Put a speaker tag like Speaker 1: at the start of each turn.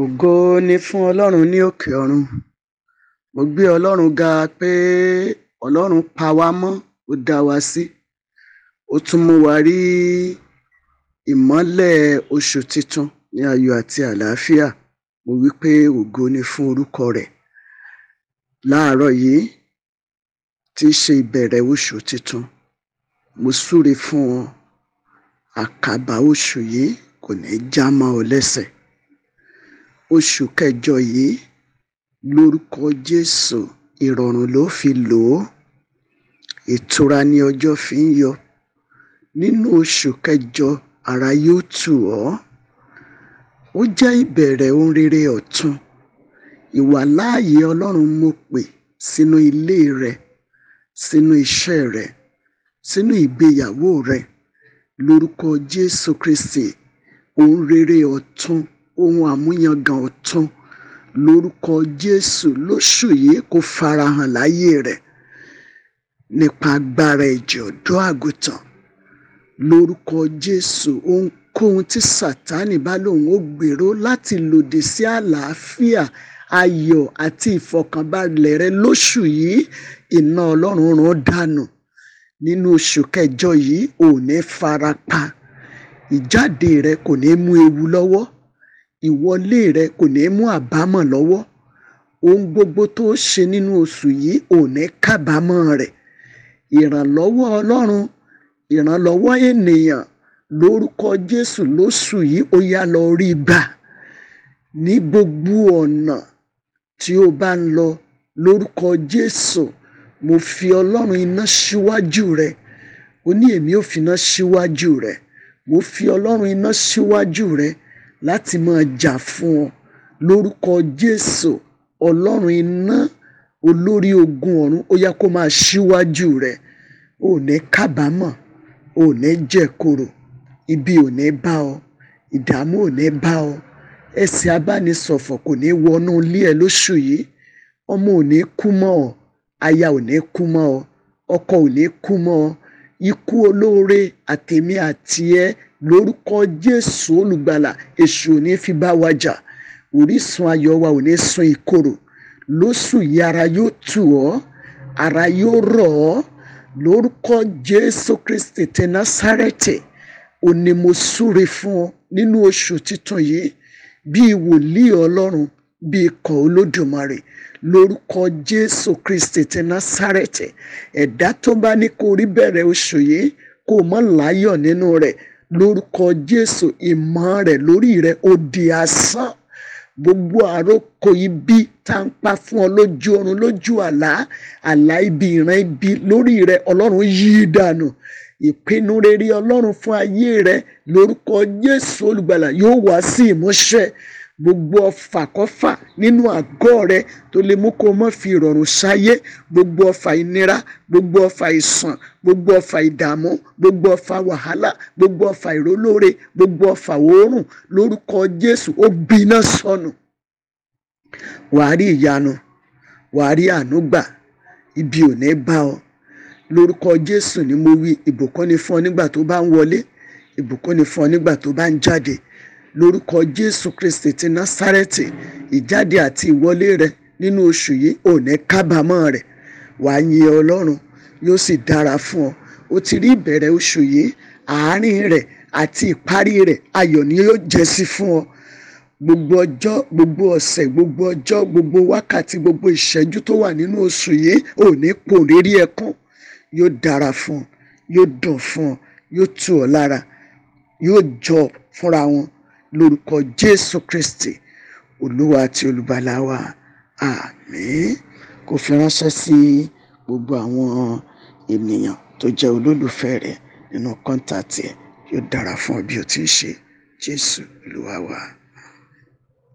Speaker 1: ògo ni fún ọlọ́run ní òkè ọ̀run mo gbé ọlọ́run ga pé ọlọ́run pa wá mọ́ ó dá wa sí ó tún mú wa rí ìmọ́lẹ̀ oṣù tuntun ní ayọ̀ àti àlàáfíà mo wí pé ògo ni fún orúkọ rẹ̀ láàárọ̀ yìí tí í ṣe ìbẹ̀rẹ̀ oṣù tuntun mo súre fún ọ àkàbà oṣù yìí kò ní í já mọ́ ọ lẹ́sẹ̀ oṣù kẹjọ yìí lórúkọ jésù ìrọ̀rùn ló fi lò ó ìtura ní ọjọ́ fi ń yọ nínú oṣù kẹjọ ara yóò tù ọ́ ó jẹ́ ìbẹ̀rẹ̀ ohun rere ọ̀tun ìwàláàyè ọlọ́run mo pè sínú ilé rẹ sínú iṣẹ́ rẹ sínú ìgbéyàwó rẹ lórúkọ jésù kristi ohun rere ọ̀tun ohun àmúyangàn ọ̀tun lórúkọ Jésù lóṣù yìí kó farahàn láyé rẹ̀ nípa agbára ẹ̀jẹ̀ ọ̀dọ́ àgùntàn lórúkọ Jésù ohunkóhun tí Sátánì bá lòun ó gbèrò láti lòdì sí àlàáfíà ayọ̀ àti ìfọ̀kànbalẹ̀ rẹ lóṣù yìí iná Ọlọ́run run dànù nínú oṣù kẹjọ yìí ò ní farapa ìjáde rẹ kò ní mú ewu lọ́wọ́ ìwọlé rẹ kò ní mú àbámọ̀ lọ́wọ́ ohun gbogbo tó ṣe nínú oṣù yìí ò ní kábàámọ̀ rẹ̀ ìrànlọ́wọ́ ọlọ́run ìrànlọ́wọ́ ènìyàn lórúkọ jésù lóṣù yìí ó yá lọ rí gbà ní gbogbo ọ̀nà tí o bá ń lọ lórúkọ jésù mo fi ọlọ́run iná síwájú rẹ ó ní èmi ò fi iná síwájú rẹ mo fi ọlọ́run iná síwájú rẹ láti máa jà fún ọ lórúkọ Jésù Ọlọ́run iná olórí ogun ọ̀run ó yá kó máa ṣíwájú rẹ ò ní kábàámọ̀ ò ní jẹ̀korò ibi ò ní bá ọ ìdààmú ò ní bá ọ ẹsẹ̀ abánisọ̀fọ̀ kò ní wọnú ilé ẹ lóṣù yìí ọmọ ò ní kú mọ́ ọ aya ò ní kú mọ́ ọ ọkọ ò ní kú mọ́ ọ ikú olóore àtèmi àti ẹ lórúkọ Jésù olùgbàlà èṣù ò ní fi bá wa jà orísun ayọ̀ wa ò ní sun ìkorò lóṣù yìí ara yóò tù ọ́ ara yóò rọ̀ ọ́ lórúkọ Jésù Kristi ti Násárẹ́tì òní mo súre fún ọ nínú oṣù titun yìí bíi wòlíì Ọlọ́run bíi ikọ̀ Olódùmarè lórúkọ jésù kristi ti násárẹ̀tì ẹ̀dá tó bá ní kó rí bẹ̀rẹ̀ oṣù yìí kó mọ́ láyọ̀ nínú rẹ̀ lórúkọ jésù ìmọ̀ rẹ̀ lórí rẹ̀ ó di asán gbogbo àrókò ibi tá ń pa fún ọ lójú oorun lójú àlá àlá ibi ìran ibi lórí rẹ ọlọ́run yí dànù ìpinnu rere ọlọ́run fún ayé rẹ lórúkọ jésù olùgbàlà yóò wá sí ìmúṣẹ gbogbo ọfàkọ́fà nínú àgọ́ rẹ tó lè mú kó o mọ́ fi rọrùn sáyé gbogbo ọfà ìnira gbogbo ọfà ìsàn gbogbo ọfà ìdààmú gbogbo ọfà wàhálà gbogbo ọfà ìrólóore gbogbo ọfà òórùn lórúkọ Jésù ó gbiná sọnù wàá rí ìyanu wàá rí ibi ò ní bá ọ lórúkọ Jésù ni mo wí ìbùkún ni fún ọ nígbà tó bá ń wọlé ìbùkún ni fún ọ nígbà tó bá ń jáde lórúkọ jésù kristi ti násárẹ́tì ìjáde àti ìwọlé rẹ nínú oṣù yìí ò ní rẹ wàá yin ọlọ́run yóò sì dára fún ọ o ti rí ìbẹ̀rẹ̀ oṣù yìí àárín rẹ àti ìparí rẹ ayọ̀ ni yóò jẹ́ sí fún ọ gbogbo ọjọ́ gbogbo ọ̀sẹ̀ gbogbo ọjọ́ gbogbo wákàtí gbogbo ìṣẹ́jú tó wà nínú oṣù yìí ò ní kò rírí ẹkún yóò dára fún ọ yóò dùn fún ọ yóò tù ọ lára yóò jọ fúnra wọn lórúkọ jésù kristi olúwa àti olùbàlà wa àmín kò fi ránṣẹ́ sí gbogbo àwọn ènìyàn tó jẹ́ olólùfẹ́ rẹ̀ nínú kọ́ńtà tiẹ̀ yóò dára fún ọ bí o ti ń ṣe jésù olúwa wa.